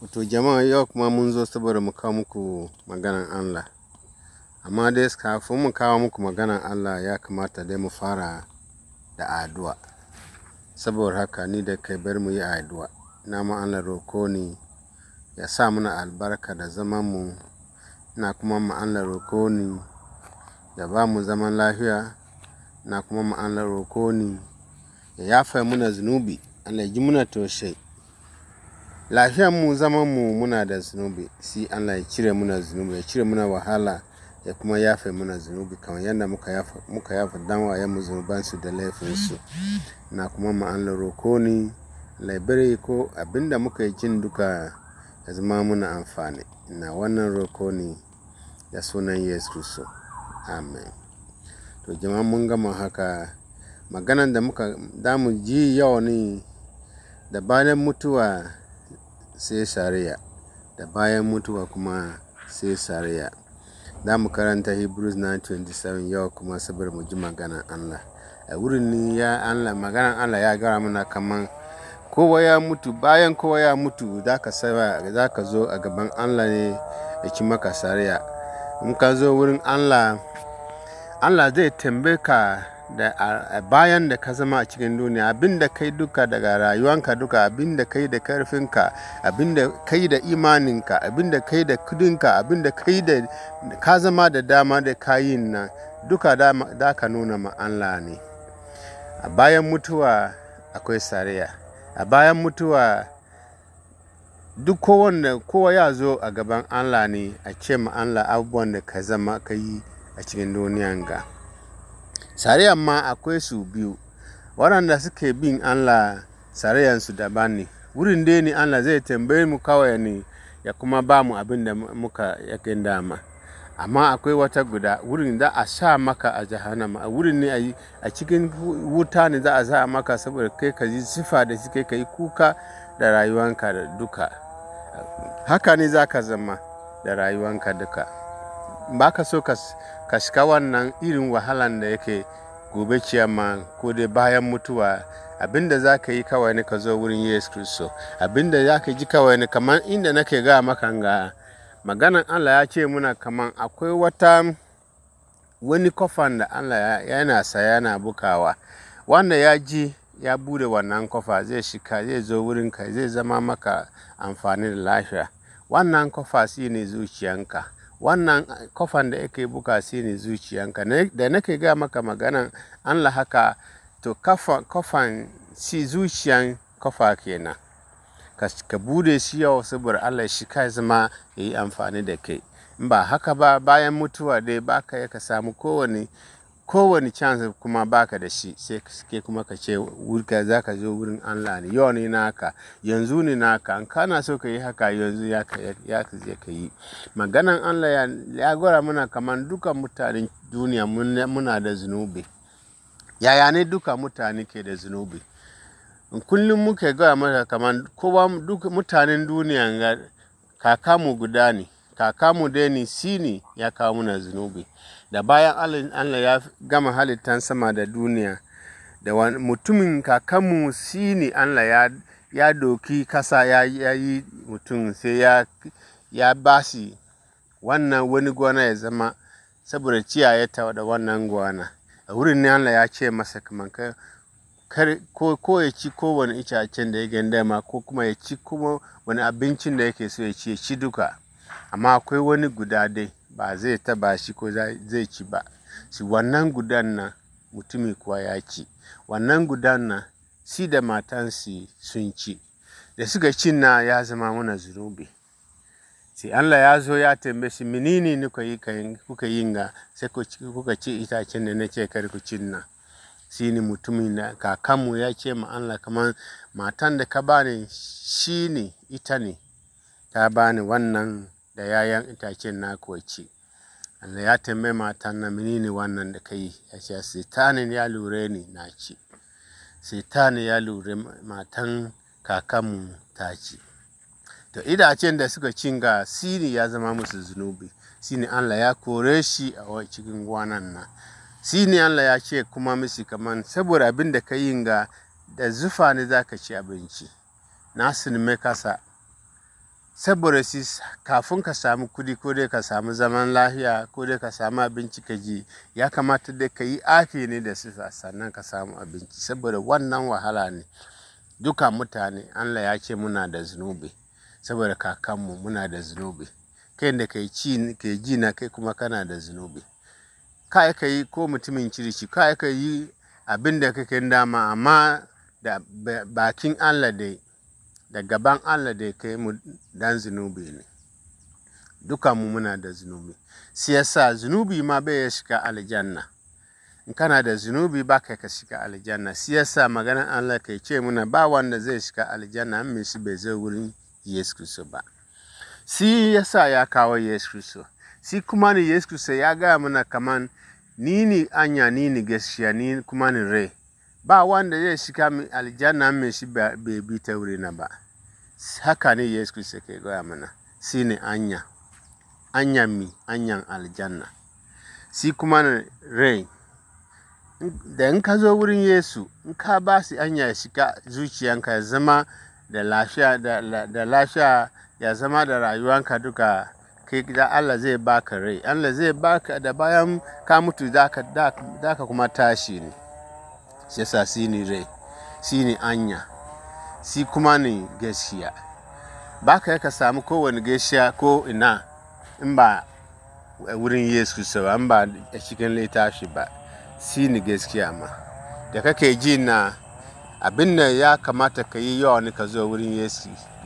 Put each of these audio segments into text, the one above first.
wato jama'a yau kuma mun zo saboda mu kawo muku maganan Allah. Amma dai kafin mu kawo muku maganan Allah ya kamata dai mu fara da addu'a. Saboda haka ni da kai bar mu yi addu'a. Na ma Allah roko ni ya sa muna albarka da zaman mu. Na kuma ma Allah roko ni ya ba mu zaman lafiya. Na kuma ma Allah roko ni ya yafa muna zunubi. Allah ji muna toshe. lafiyan mu zaman mu muna da zunubi si Allah ya cire muna zunubi ya cire muna wahala ya kuma yafe muna zunubi kamar yadda muka yafa muka yafa dan wayan mu zunuban su da laifin su na kuma mu an roko ni ko abinda muka yi jin duka ya zama muna amfani na wannan roko ni da sunan Yesu Kristo amen to jama'an mun gama haka maganan da muka damu ji yau ne da bayan mutuwa sai sariya da bayan mutuwa kuma sai sariya Za mu karanta Hebrews 9:27 yau kuma saboda mu ji maganar Allah. A wurin ni ya Allah, maganar Allah ya gara mana kaman kowa ya mutu, bayan kowa ya mutu za ka zo a gaban Allah ne ya ci maka Sareya. In ka zo wurin Allah, Allah zai tambaye ka da bayan da ka zama a cikin duniya abin da kai duka daga rayuwanka duka abin da kai da karfinka abin da kai da imaninka abin da kai da kudinka abin da kai da ka zama da dama da kayin nan duka da ka nuna ma ne a bayan mutuwa akwai sariya a bayan mutuwa duk kowanne kowa ya zo a gaban Allah ne a ce ma Allah abubuwan da ka zama ka yi a cikin duniyan ga. sarayan ma akwai su biyu, waɗanda suke bin Allah shari'arsu daban ne. Wurin dai ne Allah zai tambaye mu kawai ne ya kuma ba mu abin da muka yakin dama. Amma akwai wata guda wurin za a sa maka a jahannama, wurin ne a cikin wuta ne za a sa maka saboda kai ka ji sifa da suke ka yi kuka da rayuwanka da duka. Haka ne za ka zama da rayuwanka duka. ba ka so ka shiga wannan irin wahalan da yake gobe kiyama ko dai bayan mutuwa abinda za ka yi kawai ne ka zo wurin yesu kristo abinda za ka ji kawai ne kamar inda nake ga maka ga maganan allah ya ce muna kamar akwai wata wani kofan da allah yana saya yana bukawa wanda ya ji ya bude wannan kofa zai shika zai zo ka zai zama maka amfani da lafiya wannan kofa shi ne zuciyanka wannan eh, kofan da yake buka shi ne zuciyanka da nake ga maka maganan Allah haka to kofan shi zuciyan kofa kenan ka bude shi yau saboda Allah shi kai zama ya yi amfani da kai ba haka ba bayan mutuwa dai ba ka ya ka samu kowane kowane chance kuma baka da shi sai ke kuma ka ce wurka za ka zo wurin Allah ne yau ne naka yanzu ne naka an kana so ka yi haka yanzu ya ka je ka yi maganan Allah ya, ya gora mana kamar dukan mutanen duniya muna da zunubi yaya ne duka mutane ke da zunubi kullum muke gaya mata kamar kowa duk mutanen duniya ga kakamu guda ne kakamu dai ni shi ne ya kawo muna zunubi da bayan Allah ya gama halittan sama da duniya da mutumin kakanmu shi ne Allah ya ya doki kasa ya yi mutum sai ya ya shi wannan wani gona ya zama saboda ta da wannan gwana a wurin ne Allah ya ce masa kamar ko ko ya ci kowane itacen da ya ganda ma ko kuma ya ci kuma wani abincin da yake so ya ci ya ci duka amma akwai wani guda dai ba zai taba shi ko zai ci ba shi wannan gudan nan mutumin kuwa ya ci wannan gudan nan shi da matansu sun ci da suka cin na ya zama mana zunubi sai Allah ya zo ya tambe shi menene ne kuka yi kuka ga sai kuka ci itacen da nace kar ku cin na shi ne mutumin na kakanmu ya ce ma Allah kamar matan da ka bani shi ne ita ne ta bani wannan da 'ya'yan itacen na kuwa Allah ya tambayi matan mini ne wannan da ka yi? Ya ce, Setanin ya lura ni na ci. Setanin ya lura matan kakanmu ta ci. To itacen da suka cin ga sini ya zama musu zunubi. Sini Allah ya kore shi a cikin gwanan na, Sini Allah ya ce kuma musu kaman saboda abin da ka yin ga da zufa ne za ka ci abinci. Na sinime kasa saboda shi kafin ka samu kudi ko dai ka samu zaman lafiya ko dai ka samu abinci ka ji ya kamata dai ka yi afi ne da su sannan ka samu abinci saboda wannan wahala ne duka mutane allah ya ce muna da zunubi saboda kakanmu muna da zunubi kai da ka yi ji na kai kuma kana da zunubi ka ka yi ko mutumin cirici ka ka yi abin da kake dama amma da bakin allah dai da gaban Allah da ya kai mu dan zunubi ne duka mu muna da zunubi shi yasa zunubi ma bai ya shiga aljanna in kana da zunubi ba kai ka shiga aljanna shi yasa maganar Allah kai ce muna ba wanda zai shiga aljanna mai shi bai zai wurin Yesu Kristo ba shi yasa ya kawo Yesu Kristo shi kuma ne Yesu Kristo ya ga mana kaman ni ne anya ni ne gaskiya ni kuma ne rai ba wanda zai shiga aljanna mai shi bai bi ta wuri na ba haka ne yesu kristo ke gaya mana shi ne anya anya mi anyan aljanna shi kuma rain da in ka zo wurin yesu in ka ba shi anya ya shiga zuciyanka ya zama da lafiya da lafiya ya zama da rayuwanka duka kai da Allah zai baka rai Allah zai baka da bayan ka mutu da ka kuma tashi ne shi yasa shi ne rai shi ne anya shi kuma ne gaskiya ba ka ka samu kowane gaskiya ko ina in ba wurin yesu kristo ba in ba a cikin littafi ba shi ne gaskiya ma da kake ji na abin ya kamata ka yi yawa ne ka zo wurin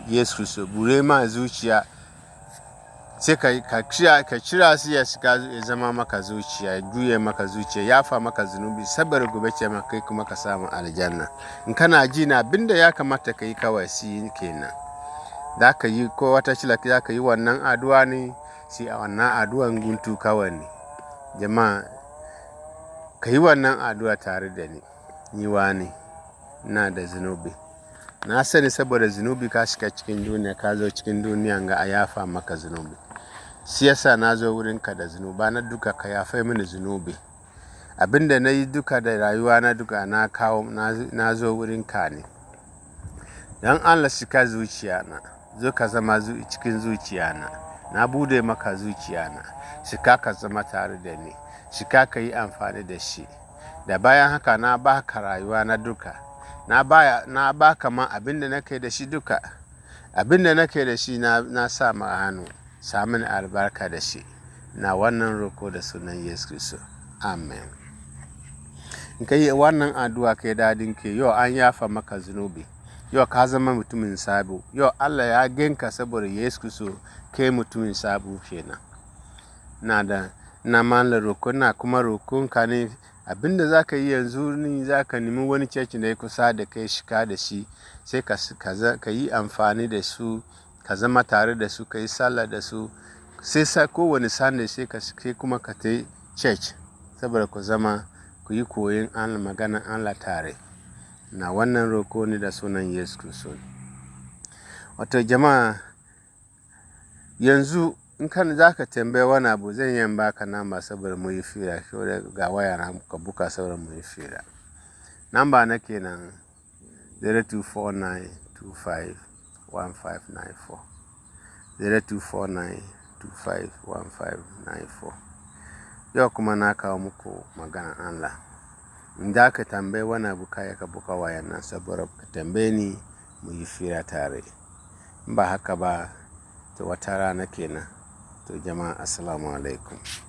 yesu kristo bure ma zuciya sai ka ka cira su ya shiga ya zama maka zuciya ya juye maka zuciya ya fa maka zunubi sabar gobe ce maka kai kuma ka samu aljanna in kana ji na abinda ya kamata ka yi kawai yi kenan da ka yi ko wata shila za ka yi wannan addu'a ne sai a wannan addu'an guntu kawai ne jama'a ka yi wannan addu'a tare da ni ni wani na da zunubi na sani saboda zunubi ka shiga cikin duniya ka zo cikin duniya ga a yafa maka zunubi siyasa na zo wurinka da zunuba na duka ka fai mini zunubi abinda na yi duka da rayuwa na duka na kawo na zo wurinka ne don allah shika zuciya na zo ka zama cikin zuciya na na bude maka zuciya na shika ka zama tare da ni shika ka yi amfani da shi da bayan haka na ba ka rayuwa na duka na ba ka ma abinda kai da shi duka abinda kai da shi na sa ma hannu samun albarka da shi na wannan roko da sunan yesu kristo amen in ka yi wannan addu'a kai dadin ke yau an yafa maka zunubi yau ka zama mutumin sabu yau allah ya genka saboda yesu kristo kai mutumin sabo kenan na da na malar roko na kuma rokon ka ne abinda za ka yi yanzu ni za ka nemi wani cecin da ya kusa da kai shika da shi sai ka yi amfani da su ka zama tare da su ka yi sallah da su sai sa kowane sanda sai ka sai kuma ka ta church saboda ku zama ku yi koyon an magana Allah tare na wannan roko ne da sunan Yesu Kristo wato jama'a yanzu in kan za ka tambaya wani abu zan yi ba baka namba saboda mu yi fira ga waya na ka buka saboda mu yi fira namba na kenan 25 1594 yau kuma na kawo muku maganan Allah inda ka tambaye wani abu ka yaka buka wayan nan saboda ka tambaye ni mu yi fira tare in ba haka ba ta wata rana kenan to jama'a assalamu alaikum